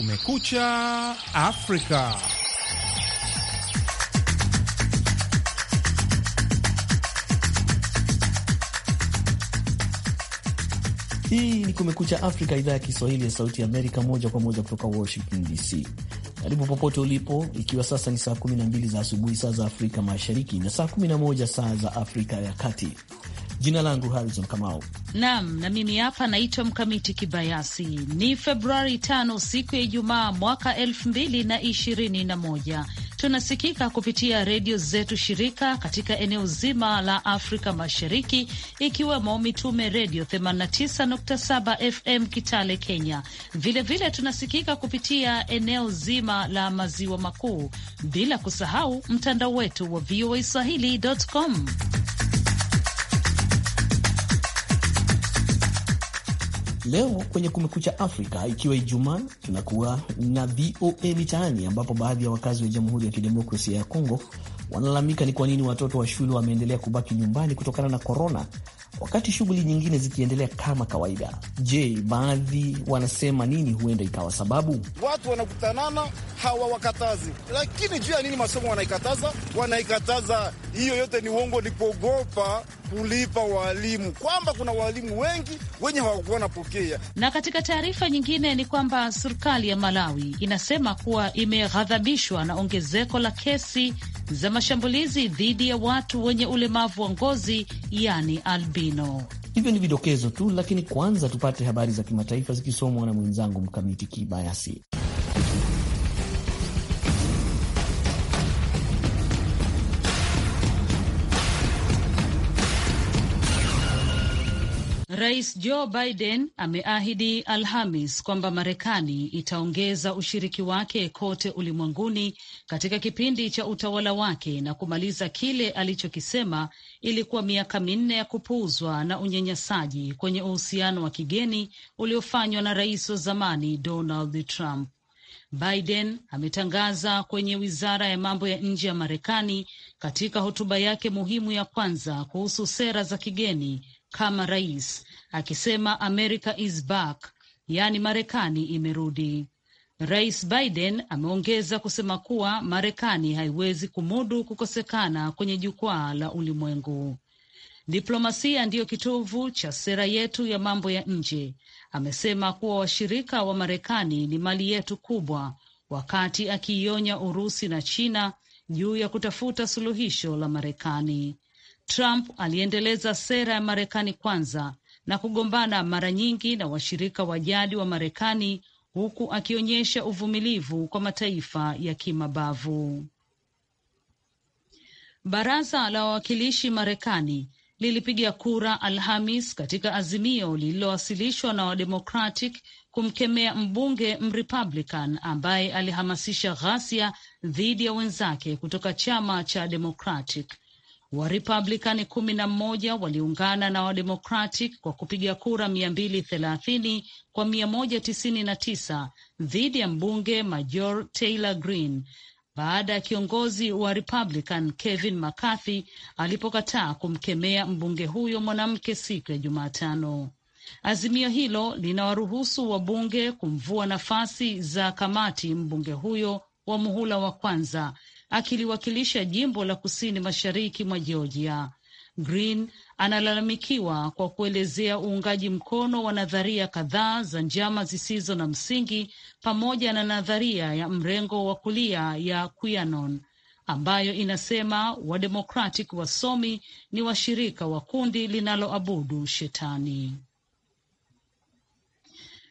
Kumekucha Afrika. Hii ni Kumekucha Afrika, idhaa ya Kiswahili ya Sauti ya Amerika, moja kwa moja kutoka Washington DC. Karibu popote ulipo, ikiwa sasa ni saa 12 za asubuhi saa za Afrika Mashariki na saa 11 saa za Afrika ya Kati. Jina langu Harrison Kamau. Naam, na mimi hapa naitwa Mkamiti Kibayasi. Ni Februari tano, siku ya Ijumaa mwaka elfu mbili na ishirini na moja. Tunasikika kupitia redio zetu shirika katika eneo zima la Afrika Mashariki, ikiwemo Mitume Redio 89.7 FM Kitale, Kenya. Vilevile vile tunasikika kupitia eneo zima la maziwa makuu, bila kusahau mtandao wetu wa VOA swahili.com. Leo kwenye Kumekucha Afrika, ikiwa Ijumaa, tunakuwa na VOA Mitaani, ambapo baadhi ya wakazi wa Jamhuri ya Kidemokrasia ya Kongo wanalalamika ni kwa nini watoto wa shule wameendelea kubaki nyumbani kutokana na korona, wakati shughuli nyingine zikiendelea kama kawaida. Je, baadhi wanasema nini huenda ikawa sababu? Watu wanakutanana hawawakatazi, lakini juu ya nini masomo wanaikataza? Wanaikataza hiyo yote ni uongo, ni kuogopa kulipa waalimu, kwamba kuna waalimu wengi wenye hawakuwa napokea. Na katika taarifa nyingine ni kwamba serikali ya Malawi inasema kuwa imeghadhabishwa na ongezeko la kesi za mashambulizi dhidi ya watu wenye ulemavu wa ngozi, yani albino. Hivyo ni vidokezo tu, lakini kwanza tupate habari za kimataifa zikisomwa na mwenzangu Mkamiti Kibayasi. Rais Joe Biden ameahidi Alhamis kwamba Marekani itaongeza ushiriki wake kote ulimwenguni katika kipindi cha utawala wake na kumaliza kile alichokisema ilikuwa miaka minne ya kupuuzwa na unyanyasaji kwenye uhusiano wa kigeni uliofanywa na rais wa zamani Donald Trump. Biden ametangaza kwenye wizara ya mambo ya nje ya Marekani katika hotuba yake muhimu ya kwanza kuhusu sera za kigeni kama rais akisema America is back, yaani Marekani imerudi. Rais Biden ameongeza kusema kuwa Marekani haiwezi kumudu kukosekana kwenye jukwaa la ulimwengu. Diplomasia ndiyo kitovu cha sera yetu ya mambo ya nje. Amesema kuwa washirika wa Marekani ni mali yetu kubwa, wakati akiionya Urusi na China juu ya kutafuta suluhisho la Marekani. Trump aliendeleza sera ya Marekani kwanza na kugombana mara nyingi na washirika wa jadi wa Marekani huku akionyesha uvumilivu kwa mataifa ya kimabavu. Baraza la Wawakilishi Marekani lilipiga kura Alhamis katika azimio lililowasilishwa na Wademokratic kumkemea mbunge Mrepublican ambaye alihamasisha ghasia dhidi ya wenzake kutoka chama cha Democratic. Warepublikani kumi na mmoja waliungana na Wademokratic kwa kupiga kura mia mbili thelathini kwa mia moja tisini na tisa dhidi ya mbunge Major Taylor green baada ya kiongozi wa Republican Kevin McCarthy alipokataa kumkemea mbunge huyo mwanamke siku ya Jumatano. Azimio hilo linawaruhusu wabunge kumvua nafasi za kamati mbunge huyo wa muhula wa kwanza akiliwakilisha jimbo la kusini mashariki mwa Georgia. Green analalamikiwa kwa kuelezea uungaji mkono wa nadharia kadhaa za njama zisizo na msingi pamoja na nadharia ya mrengo wa kulia ya QAnon ambayo inasema wademokratic wasomi ni washirika wa kundi linaloabudu shetani.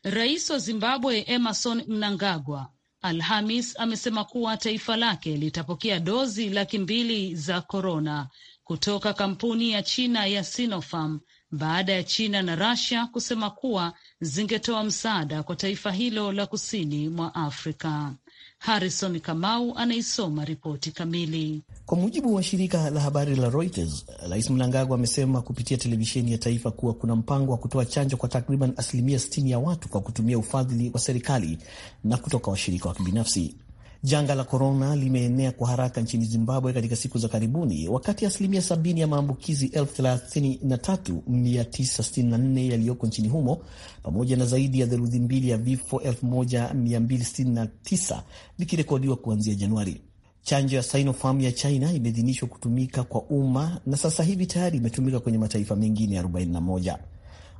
Rais wa Zimbabwe Emerson Mnangagwa Alhamis amesema kuwa taifa lake litapokea dozi laki mbili za korona kutoka kampuni ya China ya Sinopharm baada ya China na Russia kusema kuwa zingetoa msaada kwa taifa hilo la kusini mwa Afrika. Harrison Kamau anaisoma ripoti kamili. Kwa mujibu wa shirika la habari la Reuters, Rais Mnangagwa amesema kupitia televisheni ya taifa kuwa kuna mpango wa kutoa chanjo kwa takriban asilimia 60 ya watu kwa kutumia ufadhili wa serikali na kutoka washirika wa kibinafsi. Janga la korona limeenea kwa haraka nchini Zimbabwe katika siku za karibuni, wakati asilimia 70 ya maambukizi 33964 yaliyoko nchini humo pamoja na zaidi ya theluthi mbili ya vifo 1269 vikirekodiwa kuanzia Januari. Chanjo ya Sinopharm ya China imeidhinishwa kutumika kwa umma na sasa hivi tayari imetumika kwenye mataifa mengine 41.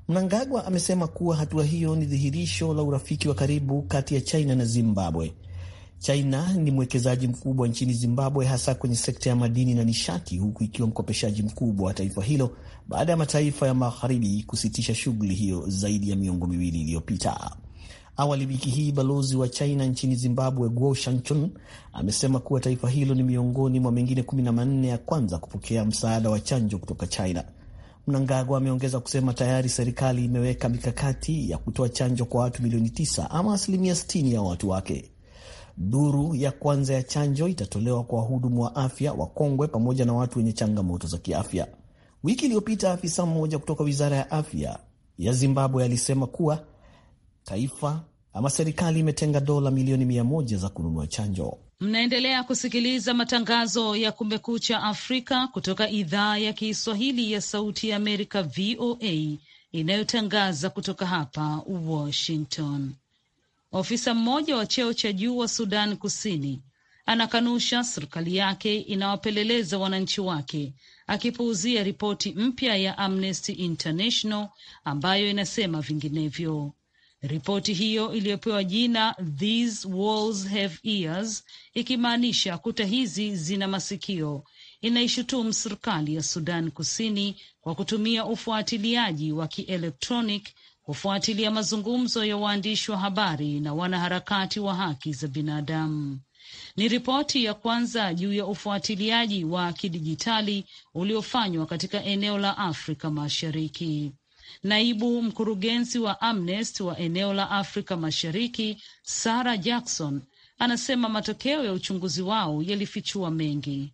Mnangagwa amesema kuwa hatua hiyo ni dhihirisho la urafiki wa karibu kati ya China na Zimbabwe. China ni mwekezaji mkubwa nchini Zimbabwe, hasa kwenye sekta ya madini na nishati, huku ikiwa mkopeshaji mkubwa wa taifa hilo baada ya mataifa ya magharibi kusitisha shughuli hiyo zaidi ya miongo miwili iliyopita. Awali wiki hii, balozi wa China nchini Zimbabwe Guo Shanchun amesema kuwa taifa hilo ni miongoni mwa mengine 14 ya kwanza kupokea msaada wa chanjo kutoka China. Mnangagwa ameongeza kusema tayari serikali imeweka mikakati ya kutoa chanjo kwa watu milioni 9 ama asilimia 60 ya watu wake. Duru ya kwanza ya chanjo itatolewa kwa wahudumu wa afya wakongwe pamoja na watu wenye changamoto za kiafya. Wiki iliyopita afisa mmoja kutoka wizara ya afya ya Zimbabwe alisema kuwa taifa ama serikali imetenga dola milioni mia moja za kununua chanjo. Mnaendelea kusikiliza matangazo ya Kumekucha Afrika kutoka idhaa ya Kiswahili ya Sauti ya Amerika, VOA, inayotangaza kutoka hapa Washington. Ofisa mmoja wa cheo cha juu wa Sudan Kusini anakanusha serikali yake inawapeleleza wananchi wake, akipuuzia ripoti mpya ya Amnesty International ambayo inasema vinginevyo. Ripoti hiyo iliyopewa jina These Walls Have Ears, ikimaanisha kuta hizi zina masikio, inaishutumu serikali ya Sudan Kusini kwa kutumia ufuatiliaji wa kielektronic kufuatilia mazungumzo ya waandishi wa habari na wanaharakati wa haki za binadamu. Ni ripoti ya kwanza juu ya ufuatiliaji wa kidijitali uliofanywa katika eneo la Afrika Mashariki. Naibu mkurugenzi wa Amnesty wa eneo la Afrika Mashariki, Sarah Jackson, anasema matokeo ya uchunguzi wao yalifichua mengi.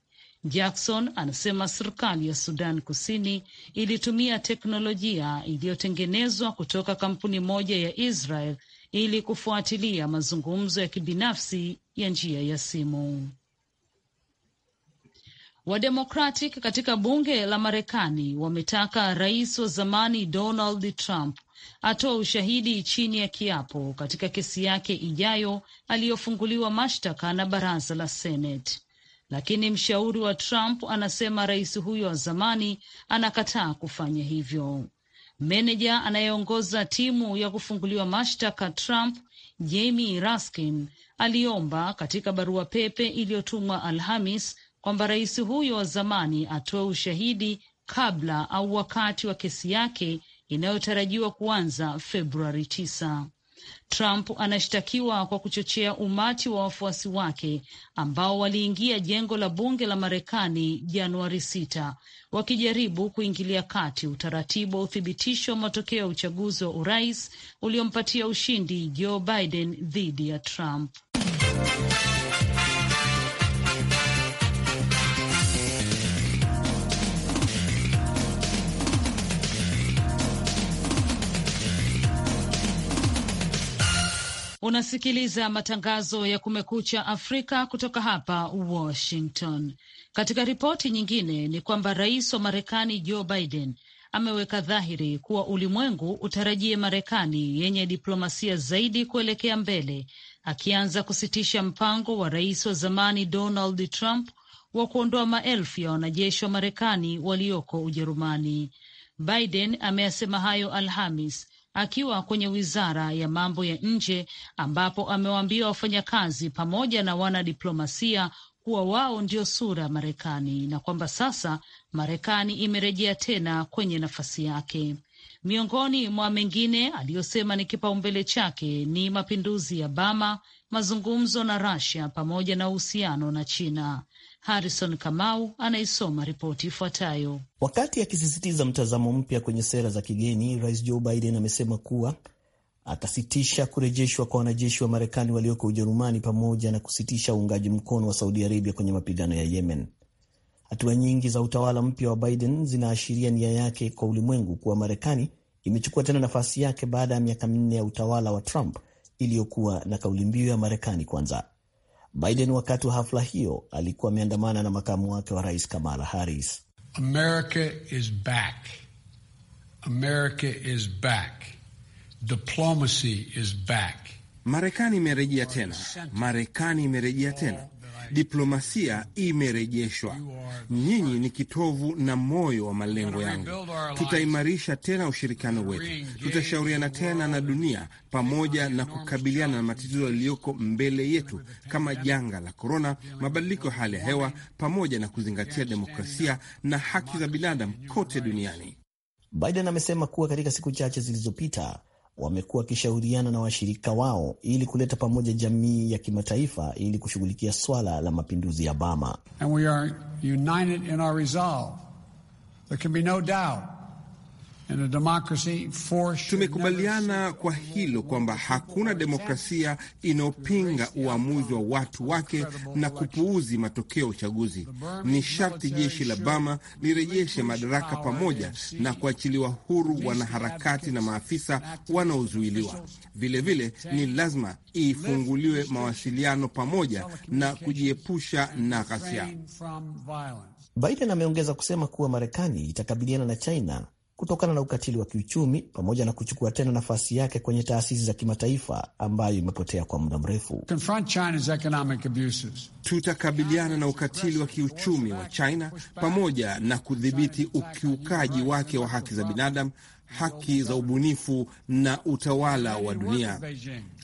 Jackson anasema serikali ya Sudan Kusini ilitumia teknolojia iliyotengenezwa kutoka kampuni moja ya Israel ili kufuatilia mazungumzo ya kibinafsi ya njia ya simu. Wademokratic katika bunge la Marekani wametaka rais wa zamani Donald Trump atoa ushahidi chini ya kiapo katika kesi yake ijayo aliyofunguliwa mashtaka na baraza la Senate lakini mshauri wa Trump anasema rais huyo wa zamani anakataa kufanya hivyo. Meneja anayeongoza timu ya kufunguliwa mashtaka Trump, Jamie Raskin, aliomba katika barua pepe iliyotumwa Alhamis kwamba rais huyo wa zamani atoe ushahidi kabla au wakati wa kesi yake inayotarajiwa kuanza Februari Trump anashtakiwa kwa kuchochea umati wa wafuasi wake ambao waliingia jengo la bunge la Marekani Januari 6 wakijaribu kuingilia kati utaratibu wa uthibitisho wa matokeo ya uchaguzi wa urais uliompatia ushindi Joe Biden dhidi ya Trump. Unasikiliza matangazo ya Kumekucha Afrika kutoka hapa Washington. Katika ripoti nyingine ni kwamba rais wa Marekani Joe Biden ameweka dhahiri kuwa ulimwengu utarajie Marekani yenye diplomasia zaidi kuelekea mbele, akianza kusitisha mpango wa rais wa zamani Donald Trump wa kuondoa maelfu ya wanajeshi wa Marekani walioko Ujerumani. Biden ameyasema hayo Alhamis akiwa kwenye wizara ya mambo ya nje ambapo amewaambia wafanyakazi pamoja na wanadiplomasia kuwa wao ndio sura ya Marekani na kwamba sasa Marekani imerejea tena kwenye nafasi yake. Miongoni mwa mengine aliyosema ni kipaumbele chake ni mapinduzi ya Bama, mazungumzo na Russia pamoja na uhusiano na China. Harrison Kamau anaisoma ripoti ifuatayo. Wakati akisisitiza mtazamo mpya kwenye sera za kigeni, Rais Joe Biden amesema kuwa atasitisha kurejeshwa kwa wanajeshi wa Marekani walioko Ujerumani pamoja na kusitisha uungaji mkono wa Saudi Arabia kwenye mapigano ya Yemen. Hatua nyingi za utawala mpya wa Biden zinaashiria nia yake kwa ulimwengu kuwa Marekani imechukua tena nafasi yake baada ya miaka minne ya utawala wa Trump iliyokuwa na kauli mbiu ya Marekani kwanza. Biden wakati wa hafla hiyo alikuwa ameandamana na makamu wake wa rais Kamala Harris. America is back. America is back. Diplomacy is back. Marekani imerejea tena. Marekani imerejea tena diplomasia imerejeshwa. Nyinyi ni kitovu na moyo wa malengo yangu. Tutaimarisha tena ushirikiano wetu, tutashauriana tena na dunia pamoja na kukabiliana na matatizo yaliyoko mbele yetu kama janga la korona, mabadiliko ya hali ya hewa, pamoja na kuzingatia demokrasia na haki za binadamu kote duniani. Biden amesema kuwa katika siku chache zilizopita wamekuwa wakishauriana na washirika wao ili kuleta pamoja jamii ya kimataifa ili kushughulikia swala la mapinduzi ya Bama. And we are united in our resolve. There can be no doubt. Tumekubaliana kwa hilo kwamba hakuna demokrasia inayopinga uamuzi wa watu wake na kupuuzi matokeo ya uchaguzi. Ni sharti jeshi la Bama lirejeshe madaraka pamoja na kuachiliwa huru wanaharakati na maafisa wanaozuiliwa. Vilevile ni lazima ifunguliwe mawasiliano pamoja na kujiepusha na ghasia. Biden ameongeza kusema kuwa Marekani itakabiliana na China kutokana na ukatili wa kiuchumi pamoja na kuchukua tena nafasi yake kwenye taasisi za kimataifa ambayo imepotea kwa muda mrefu. Tutakabiliana na ukatili wa kiuchumi wa China pamoja na kudhibiti ukiukaji wake wa haki za binadamu, haki za ubunifu na utawala wa dunia.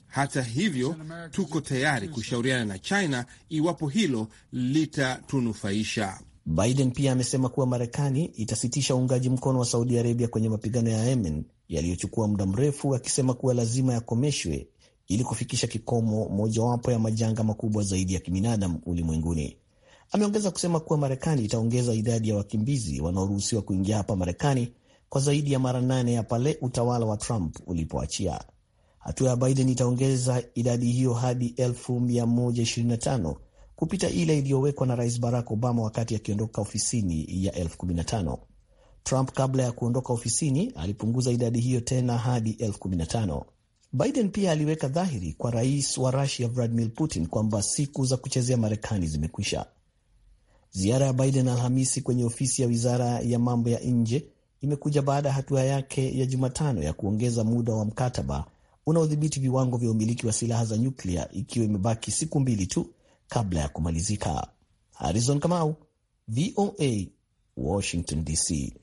Hata hivyo, tuko tayari kushauriana na China iwapo hilo litatunufaisha. Biden pia amesema kuwa Marekani itasitisha uungaji mkono wa Saudi Arabia kwenye mapigano ya Yemen yaliyochukua muda mrefu, akisema kuwa lazima yakomeshwe ili kufikisha kikomo mojawapo ya majanga makubwa zaidi ya kibinadamu ulimwenguni. Ameongeza kusema kuwa Marekani itaongeza idadi ya wakimbizi wanaoruhusiwa kuingia hapa Marekani kwa zaidi ya mara nane ya pale utawala wa Trump ulipoachia. Hatua ya Biden itaongeza idadi hiyo hadi kupita ile iliyowekwa na Rais Barack Obama wakati akiondoka ofisini ya elfu kumi na tano. Trump kabla ya kuondoka ofisini alipunguza idadi hiyo tena hadi elfu kumi na tano. Biden pia aliweka dhahiri kwa rais wa Rusia Vladimir Putin kwamba siku za kuchezea Marekani zimekwisha. Ziara ya Biden Alhamisi kwenye ofisi ya wizara ya mambo ya nje imekuja baada ya hatua yake ya Jumatano ya kuongeza muda wa mkataba unaodhibiti viwango vya umiliki wa silaha za nyuklia, ikiwa imebaki siku mbili tu kabla ya kumalizika. Harrison Kamau, VOA, Washington DC.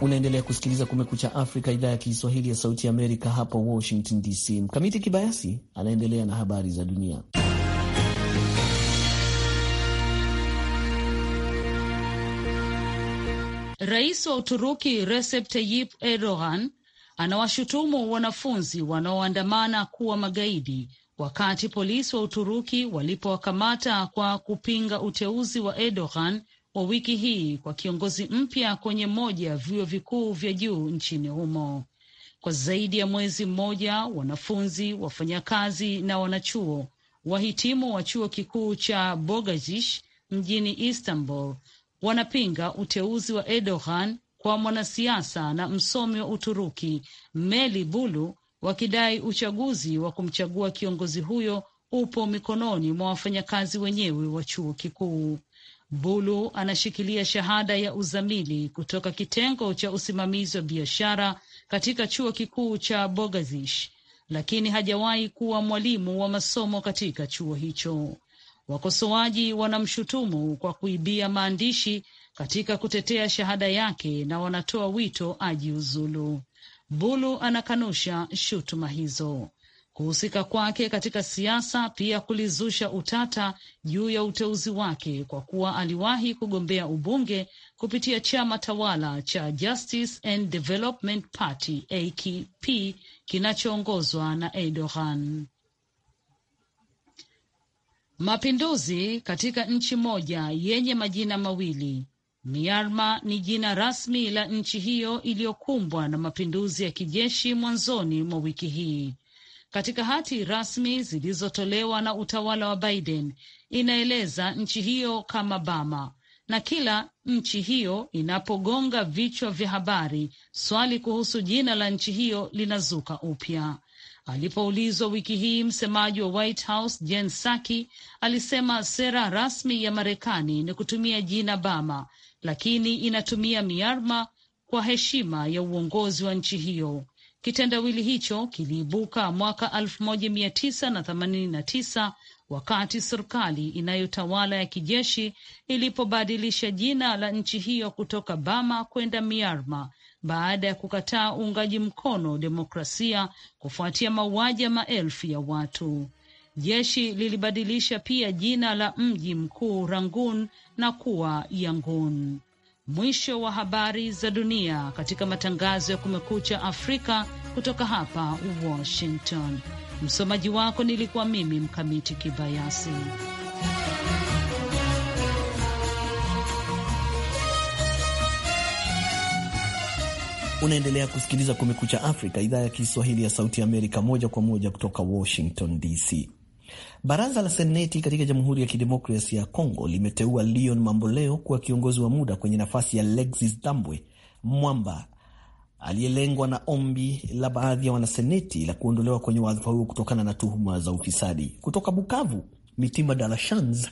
Unaendelea kusikiliza Kumekucha Afrika, idhaa ya Kiswahili ya Sauti ya Amerika, hapa Washington DC. Mkamiti Kibayasi anaendelea na habari za dunia. Rais wa Uturuki Recep Tayyip Erdogan anawashutumu wanafunzi wanaoandamana kuwa magaidi wakati polisi wa Uturuki walipowakamata kwa kupinga uteuzi wa Erdogan wa wiki hii kwa kiongozi mpya kwenye moja ya vyuo vikuu vya juu nchini humo. Kwa zaidi ya mwezi mmoja, wanafunzi, wafanyakazi na wanachuo wahitimu wa chuo kikuu cha Bogazici mjini Istanbul wanapinga uteuzi wa Erdogan kwa mwanasiasa na msomi wa Uturuki Meli Bulu, wakidai uchaguzi wa kumchagua kiongozi huyo upo mikononi mwa wafanyakazi wenyewe wa chuo kikuu. Bulu anashikilia shahada ya uzamili kutoka kitengo cha usimamizi wa biashara katika chuo kikuu cha Bogazish, lakini hajawahi kuwa mwalimu wa masomo katika chuo hicho. Wakosoaji wanamshutumu kwa kuibia maandishi katika kutetea shahada yake na wanatoa wito ajiuzulu. Bulu anakanusha shutuma hizo. Kuhusika kwake katika siasa pia kulizusha utata juu ya uteuzi wake kwa kuwa aliwahi kugombea ubunge kupitia chama tawala cha Justice and Development Party AKP kinachoongozwa na Erdogan. Mapinduzi katika nchi moja yenye majina mawili. Myanmar ni jina rasmi la nchi hiyo iliyokumbwa na mapinduzi ya kijeshi mwanzoni mwa wiki hii. Katika hati rasmi zilizotolewa na utawala wa Biden, inaeleza nchi hiyo kama Bama, na kila nchi hiyo inapogonga vichwa vya habari, swali kuhusu jina la nchi hiyo linazuka upya. Alipoulizwa wiki hii, msemaji wa White House Jen Psaki alisema sera rasmi ya Marekani ni kutumia jina Bama, lakini inatumia miarma kwa heshima ya uongozi wa nchi hiyo. Kitendawili hicho kiliibuka mwaka 1989 wakati serikali inayotawala ya kijeshi ilipobadilisha jina la nchi hiyo kutoka Bama kwenda Myanmar baada ya kukataa uungaji mkono demokrasia kufuatia mauaji ya maelfu ya watu. Jeshi lilibadilisha pia jina la mji mkuu Rangun na kuwa Yangun. Mwisho wa habari za dunia katika matangazo ya Kumekucha Afrika kutoka hapa Washington. Msomaji wako nilikuwa mimi Mkamiti Kibayasi. Unaendelea kusikiliza Kumekucha Afrika, idhaa ya Kiswahili ya Sauti Amerika, moja kwa moja kutoka Washington DC. Baraza la Seneti katika Jamhuri ya Kidemokrasia ya Kongo limeteua Leon Mamboleo kuwa kiongozi wa muda kwenye nafasi ya Alexis Dambwe Mwamba aliyelengwa na ombi la baadhi ya wanaseneti la kuondolewa kwenye wadhifa huo kutokana na tuhuma za ufisadi. Kutoka Bukavu, Mitima Dalashans,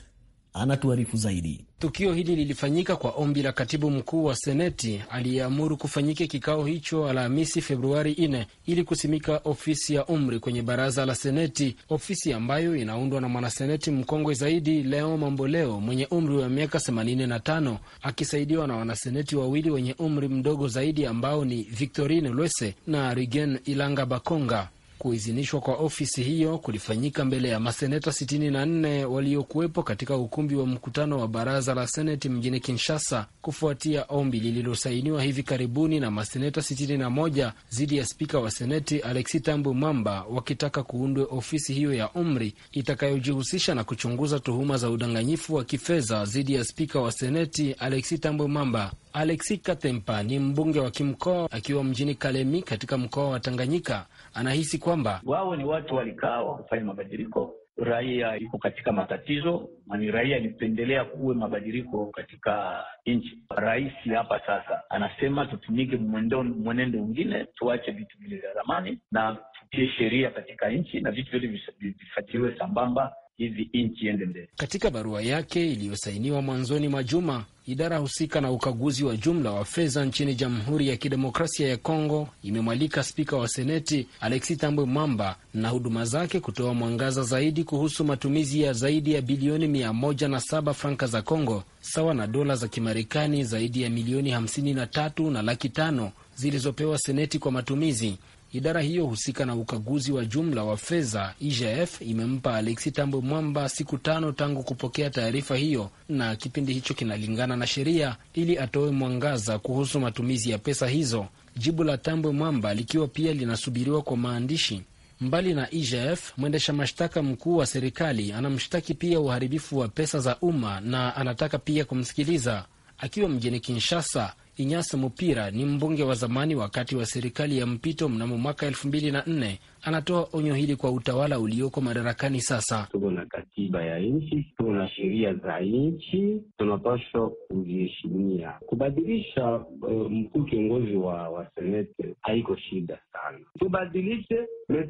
anatuarifu zaidi. Tukio hili lilifanyika kwa ombi la katibu mkuu wa Seneti aliyeamuru kufanyike kikao hicho Alhamisi Februari 4 ili kusimika ofisi ya umri kwenye baraza la Seneti, ofisi ambayo inaundwa na mwanaseneti mkongwe zaidi Leo Mamboleo mwenye umri wa miaka 85 akisaidiwa na wanaseneti wawili wenye umri mdogo zaidi ambao ni Victorine Lwese na Rigen Ilanga Bakonga. Kuidhinishwa kwa ofisi hiyo kulifanyika mbele ya maseneta 64 waliokuwepo katika ukumbi wa mkutano wa baraza la seneti mjini Kinshasa, kufuatia ombi lililosainiwa hivi karibuni na maseneta 61 dhidi ya spika wa seneti Alexi Tambu Mwamba, wakitaka kuundwe ofisi hiyo ya umri itakayojihusisha na kuchunguza tuhuma za udanganyifu wa kifedha dhidi ya spika wa seneti Alexi Tambu Mwamba. Alexi Katempa ni mbunge wa kimkoa akiwa mjini Kalemi katika mkoa wa Tanganyika. Anahisi kwamba wao ni watu walikaa wakufanya mabadiliko, raia iko katika matatizo, ni raia ilipendelea kuwe mabadiliko katika nchi. Rais hapa sasa anasema tutumike mwenendo mwingine, tuache vitu vile vya zamani na tutie sheria katika nchi na vitu vyote vifatiliwe sambamba hizi nchi ende mbele. Katika barua yake iliyosainiwa mwanzoni mwa juma, idara husika na ukaguzi wa jumla wa fedha nchini Jamhuri ya Kidemokrasia ya Kongo imemwalika spika wa Seneti Alexi Tambwe Mwamba na huduma zake kutoa mwangaza zaidi kuhusu matumizi ya zaidi ya bilioni mia moja na saba franka za Kongo sawa na dola za Kimarekani zaidi ya milioni hamsini na tatu na laki tano zilizopewa Seneti kwa matumizi Idara hiyo husika na ukaguzi wa jumla wa fedha IGF imempa Alexi Tambwe Mwamba siku tano tangu kupokea taarifa hiyo, na kipindi hicho kinalingana na sheria ili atoe mwangaza kuhusu matumizi ya pesa hizo. Jibu la Tambwe Mwamba likiwa pia linasubiriwa kwa maandishi. Mbali na IGF, mwendesha mashtaka mkuu wa serikali anamshtaki pia uharibifu wa pesa za umma na anataka pia kumsikiliza akiwa mjini Kinshasa. Inyasa Mupira ni mbunge wa zamani wakati wa serikali ya mpito mnamo mwaka elfu mbili na nne anatoa onyo hili kwa utawala ulioko madarakani sasa. Tuko na katiba ya nchi, tuko na sheria za nchi, tunapaswa kuziheshimia. Kubadilisha uh, mkuu kiongozi wa, wa senete haiko shida sana, tubadilishe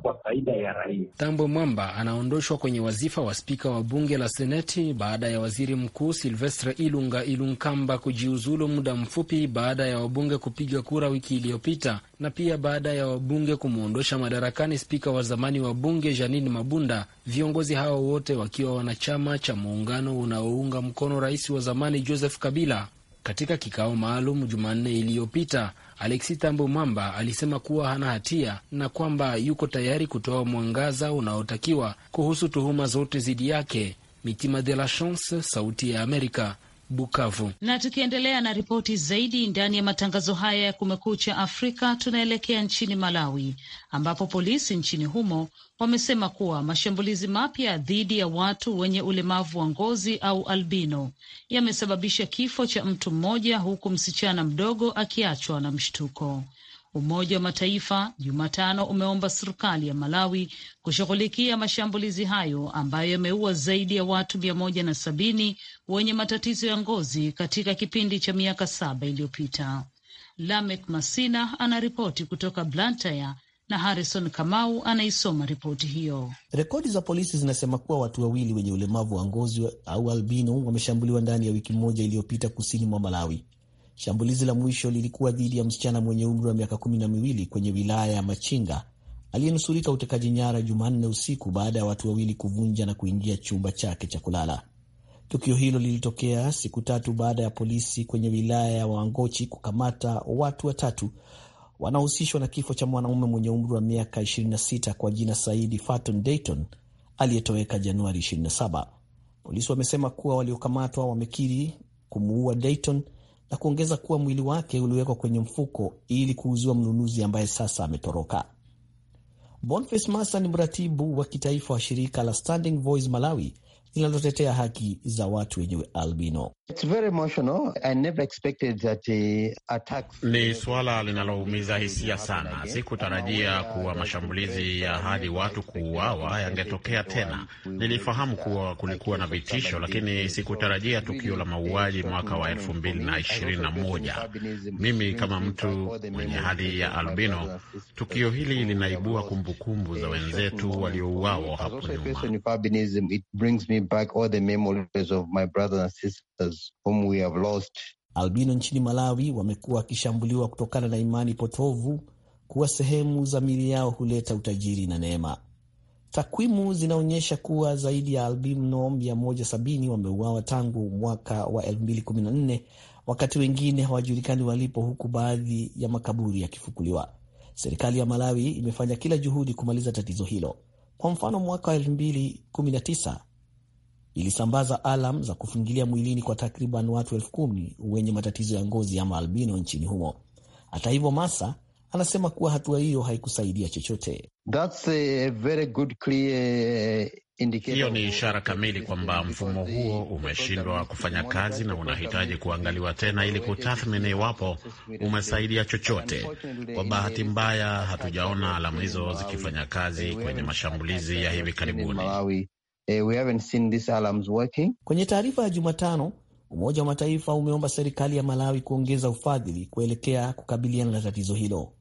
kwa faida ya raia. Tambwe Mwamba anaondoshwa kwenye wazifa wa spika wa bunge la seneti baada ya waziri mkuu Silvestre Ilunga Ilunkamba kujiuzulu muda mfupi baada ya wabunge kupiga kura wiki iliyopita na pia baada ya wabunge kumwondosha madarakani spika wa zamani wa bunge Janine Mabunda, viongozi hao wote wakiwa wanachama cha muungano unaounga mkono rais wa zamani Joseph Kabila. Katika kikao maalum Jumanne iliyopita, Alexi tambu Mwamba alisema kuwa hana hatia na kwamba yuko tayari kutoa mwangaza unaotakiwa kuhusu tuhuma zote dhidi yake. Mitima de la Chance, Sauti ya Amerika, Bukavu. Na tukiendelea na ripoti zaidi ndani ya matangazo haya ya Kumekucha Afrika, tunaelekea nchini Malawi ambapo polisi nchini humo wamesema kuwa mashambulizi mapya dhidi ya watu wenye ulemavu wa ngozi au albino yamesababisha kifo cha mtu mmoja huku msichana mdogo akiachwa na mshtuko. Umoja wa Mataifa Jumatano umeomba serikali ya Malawi kushughulikia mashambulizi hayo ambayo yameua zaidi ya watu mia moja na sabini wenye matatizo ya ngozi katika kipindi cha miaka saba iliyopita. Lamek Masina anaripoti kutoka Blantyre na Harrison Kamau anaisoma ripoti hiyo. Rekodi za polisi zinasema kuwa watu wawili wenye ulemavu wa ngozi au albino wameshambuliwa ndani ya wiki moja iliyopita kusini mwa Malawi. Shambulizi la mwisho lilikuwa dhidi ya msichana mwenye umri wa miaka kumi na miwili kwenye wilaya ya Machinga aliyenusurika utekaji nyara Jumanne usiku baada ya watu wawili kuvunja na kuingia chumba chake cha kulala. Tukio hilo lilitokea siku tatu baada ya polisi kwenye wilaya ya Wangochi kukamata watu watatu wanaohusishwa na kifo cha mwanaume mwenye umri wa miaka 26 kwa jina Saidi Faton Dayton aliyetoweka Januari 27. Polisi wamesema kuwa waliokamatwa wamekiri kumuua Dayton na kuongeza kuwa mwili wake uliwekwa kwenye mfuko ili kuuziwa mnunuzi ambaye sasa ametoroka. Boniface Masa ni mratibu wa kitaifa wa shirika la Standing Voice Malawi linalotetea haki za watu wenye albino. Ni suala linaloumiza hisia sana. Sikutarajia kuwa mashambulizi ya hadi watu kuuawa yangetokea tena. Nilifahamu kuwa kulikuwa na vitisho, lakini sikutarajia tukio la mauaji mwaka wa elfu mbili na ishirini na moja. Mimi kama mtu mwenye hadi ya albino, tukio hili linaibua kumbukumbu za wenzetu waliouawa hapo nyuma back all the memories of my brothers and sisters whom we have lost. Albino nchini Malawi wamekuwa wakishambuliwa kutokana na imani potovu kuwa sehemu za mili yao huleta utajiri na neema. Takwimu zinaonyesha kuwa zaidi ya albino 170 wameuawa tangu mwaka wa 2014 wakati wengine hawajulikani walipo, huku baadhi ya makaburi yakifukuliwa. Serikali ya Malawi imefanya kila juhudi kumaliza tatizo hilo. Kwa mfano, mwaka wa ilisambaza alam za kufungilia mwilini kwa takriban watu elfu kumi wenye matatizo ya ngozi ama albino nchini humo. Hata hivyo, Masa anasema kuwa hatua hiyo haikusaidia chochote. That's a very good clear... Uh, hiyo ni ishara kamili kwamba mfumo huo umeshindwa kufanya kazi na unahitaji kuangaliwa tena ili kutathmini iwapo umesaidia chochote. Kwa bahati mbaya, hatujaona alamu hizo zikifanya kazi kwenye mashambulizi ya hivi karibuni. Eh, we haven't seen these alarms working. Kwenye taarifa ya Jumatano, Umoja wa Mataifa umeomba serikali ya Malawi kuongeza ufadhili kuelekea kukabiliana na tatizo hilo.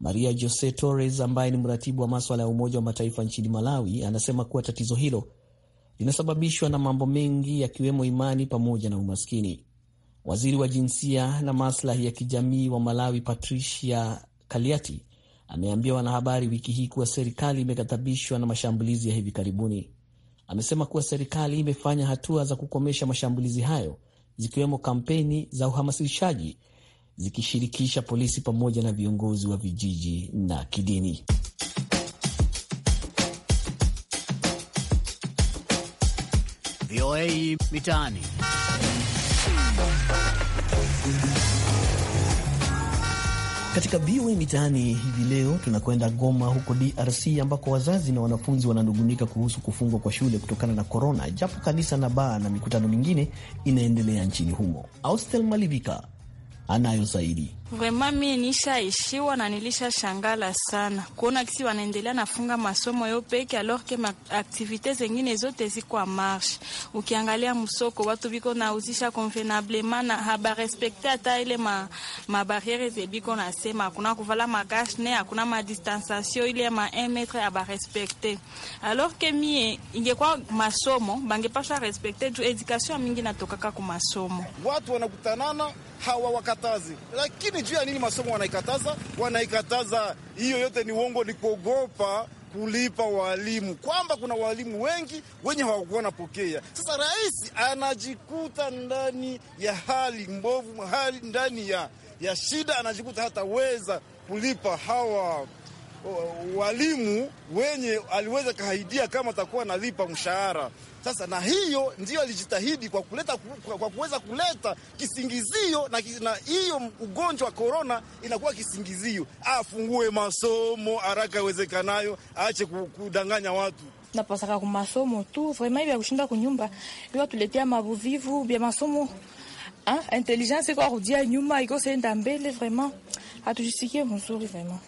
Maria Jose Torres ambaye ni mratibu wa maswala ya Umoja wa Mataifa nchini Malawi anasema kuwa tatizo hilo linasababishwa na mambo mengi yakiwemo imani pamoja na umaskini. Waziri wa jinsia na maslahi ya kijamii wa Malawi Patricia Kaliati ameambia wanahabari wiki hii kuwa serikali imeghadhabishwa na mashambulizi ya hivi karibuni amesema kuwa serikali imefanya hatua za kukomesha mashambulizi hayo zikiwemo kampeni za uhamasishaji zikishirikisha polisi pamoja na viongozi wa vijiji na kidini. VOA Mitaani. Katika VOA Mitaani hivi leo tunakwenda Goma huko DRC ambako wazazi na wanafunzi wananungunika kuhusu kufungwa kwa shule kutokana na korona, japo kanisa na baa na mikutano mingine inaendelea nchini humo. Austel Malivika anayo zaidi. Vrema mie nishaishiwa na nilisha shangala sana kuona kisi wanaendelea nafunga masomo yo peke, alors que activite zengine zote ziko a marche. Ukiangalia msoko watu biko nauzisha convenablement na haba respecte hata ile ma, ma barriere ze biko nasema hakuna kuvala makashne, hakuna ma distanciation ile ma 1 metre haba respecte, alors que mie ingekuwa masomo bangepasha respecte juu education mingi natokaka ku masomo. Watu wanakutanana hawawakatazi lakini lakini juu ya nini masomo wanaikataza? Wanaikataza hiyo yote ni uongo, ni kuogopa kulipa walimu, kwamba kuna walimu wengi wenye hawakuwa napokea Sasa rais anajikuta ndani ya hali mbovu, hali ndani ya, ya shida, anajikuta hataweza kulipa hawa walimu wenye aliweza kahaidia kama atakuwa analipa mshahara. Sasa na hiyo ndiyo alijitahidi kwa kuleta kwa kuweza kuleta kisingizio na hiyo ugonjwa wa korona inakuwa kisingizio, afungue masomo haraka iwezekanayo, aache kudanganya watu napasaka ku masomo tu vraiment vya kushinda kunyumba iwa tuletea mabuvivu vya masomo ah, intelligence kwa kudia nyuma ikosenda mbele, vraiment hatujisikie mzuri vraiment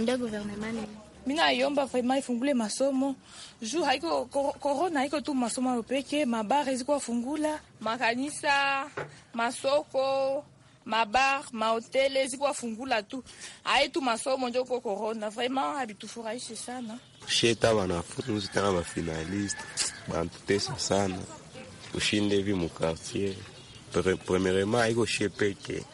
ndio gouvernement minaiomba vraiment ifungule masomo juu haiko korona, haiko tu masomo yo peke, mabare ziko afungula, makanisa, masoko, mabar, mahotele ziko afungula tu, haitu masomo njoko korona. Vraiment habitufurahishe sana sheta, wanafunzi tena bafinaliste bantutesa sana, ushinde hivi mukartier premierema haiko shie peke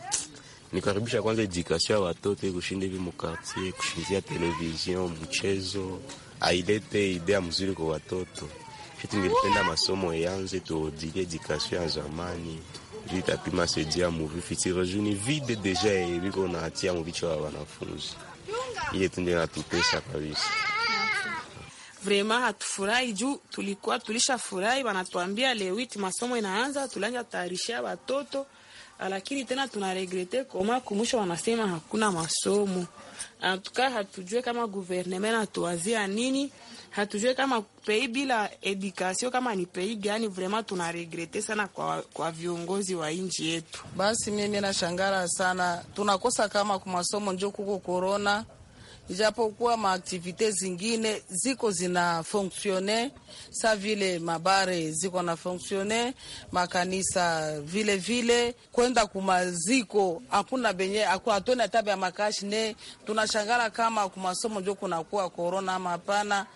nikaribisha kwanza edukasio ya watoto kushinda hivi mukartie, kushinzia televizion mchezo ailete idea mzuri kwa watoto kitu. Nilipenda masomo yanze tuodili edukasio ya zamani vitapima sedia muvi fitirajuni vide deja eviko naatia muvicho wa wanafunzi ile tunde natupesa kabisa vrema hatufurahi juu tulikuwa tulishafurahi, wanatuambia lewiti masomo inaanza, tulanja tayarishia watoto Ah, lakini tena tunaregrete koma kumusha wanasema hakuna masomo antuka. Hatujue kama guverneme natuwazia nini, hatujue kama pei bila edukasio kama ni pei gani. Vrema tunaregrete sana kwa, kwa viongozi wa nchi yetu. Basi mimi nashangara sana, tunakosa kama kumasomo njo kuko korona ijapokuwa maaktivite zingine ziko zina fonksione sa vile mabare ziko na fonksione, makanisa vile vile, kwenda kumaziko hakuna benye atone tabe ya makashi ne. Tunashangala kama kumasomo njo kunakuwa korona ama hapana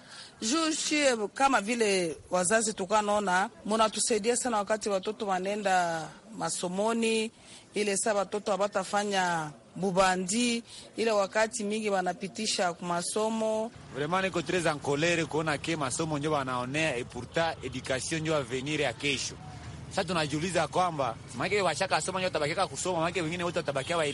jushie kama vile wazazi tukanaona munatusaidia sana wakati watoto wanenda masomoni, ile saa watoto wabatafanya bubandi ile wakati mingi wanapitisha kumasomo. Vraiment niko tres en colere kuona ke masomo njo wanaonea et pourtant education njo avenir ya kesho. Sasa tunajiuliza kwamba maana washaka soma njo tabakika kusoma, maana wengine wote watabakia wa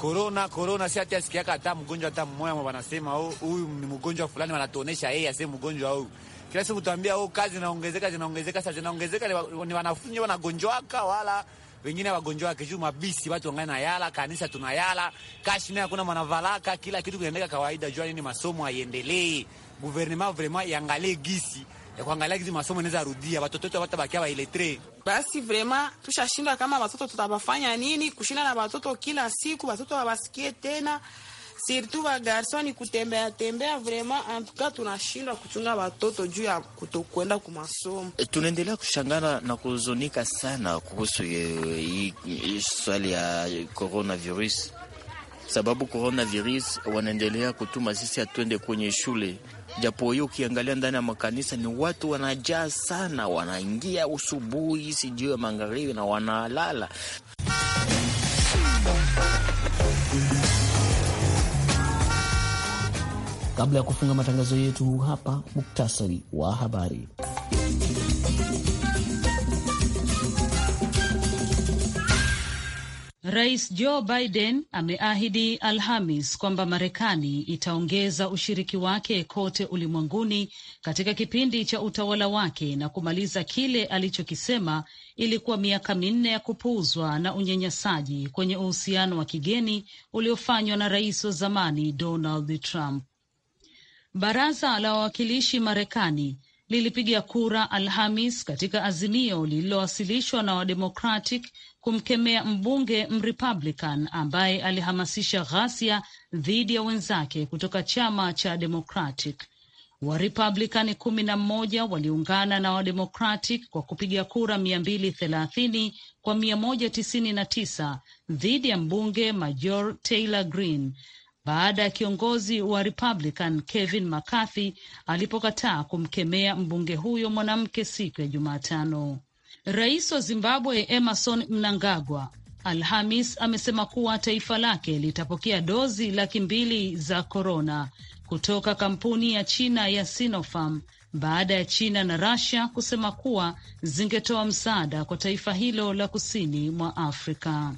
Corona, corona si hata asikiaka hata mgonjwa hata mmoja ambao wanasema oh, huyu ni mgonjwa fulani, wanatuonesha yeye ase mgonjwa huyu. Kila siku tuambia oh, kazi zinaongezeka zinaongezeka, sasa zinaongezeka, ni wanafunzi wanagonjwaka wala wengine wagonjwa wa kesho mabisi watu wangana yala kanisa tunayala kashi na mwanavalaka kila kitu kinaendeka kawaida. Jua nini masomo haiendelee, gouvernement vraiment iangalie gisi ya kuangalia gisi masomo inaweza rudia, watoto wetu hawatabakia wailetre. Basi vraiment tushashinda kama watoto tutabafanya nini? Kushinda na watoto kila siku, watoto hawasikie tena sirtu wagarson ni kutembea tembea, vrema antuka tunashindwa kuchunga watoto juu ya kutokwenda kumasomo. Eh, tunaendelea kushangana na kuhuzunika sana kuhusu eh, hii swali ya coronavirus, sababu coronavirus wanaendelea kutuma sisi hatuende kwenye shule japo hiyo ukiangalia ndani ya makanisa ni watu wanajaa sana, wanaingia usubuhi sijui ya magharibi na wanalala. Kabla ya kufunga matangazo yetu, hapa muktasari wa habari. Rais Joe Biden ameahidi Alhamis kwamba Marekani itaongeza ushiriki wake kote ulimwenguni katika kipindi cha utawala wake na kumaliza kile alichokisema ilikuwa miaka minne ya kupuuzwa na unyanyasaji kwenye uhusiano wa kigeni uliofanywa na rais wa zamani Donald Trump. Baraza la Wawakilishi Marekani lilipiga kura Alhamis katika azimio lililowasilishwa na Wademokratic kumkemea mbunge Mrepublican ambaye alihamasisha ghasia dhidi ya wenzake kutoka chama cha Democratic. Warepublican kumi na mmoja waliungana na Wademokratic kwa kupiga kura mia mbili thelathini kwa mia moja tisini na tisa dhidi ya mbunge Major Taylor Green baada ya kiongozi wa Republican Kevin McCarthy alipokataa kumkemea mbunge huyo mwanamke siku ya Jumatano. Rais wa Zimbabwe Emerson Mnangagwa Alhamis amesema kuwa taifa lake litapokea dozi laki mbili za korona kutoka kampuni ya China ya Sinopharm baada ya China na Russia kusema kuwa zingetoa msaada kwa taifa hilo la kusini mwa Afrika.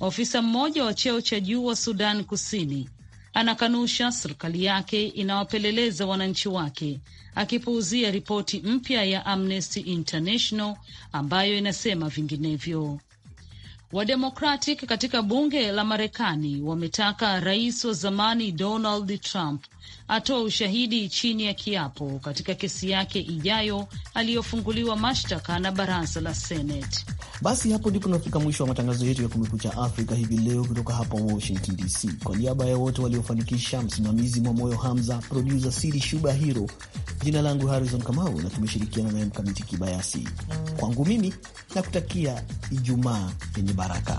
Ofisa mmoja wa cheo cha juu wa Sudan Kusini anakanusha serikali yake inawapeleleza wananchi wake, akipuuzia ripoti mpya ya Amnesty International ambayo inasema vinginevyo. Wademokratic katika bunge la Marekani wametaka rais wa zamani Donald Trump atoa ushahidi chini ya kiapo katika kesi yake ijayo aliyofunguliwa mashtaka na baraza la Seneti. Basi hapo ndipo tunafika mwisho wa matangazo yetu ya Kumekucha Afrika hivi leo, kutoka hapa Washington DC. Kwa niaba ya wote waliofanikisha, msimamizi mwa Moyo Hamza, produsa Siri Shuba Hiro, jina langu Harrison Kamau na tumeshirikiana naye Mkamiti Kibayasi. Kwangu mimi nakutakia Ijumaa yenye baraka.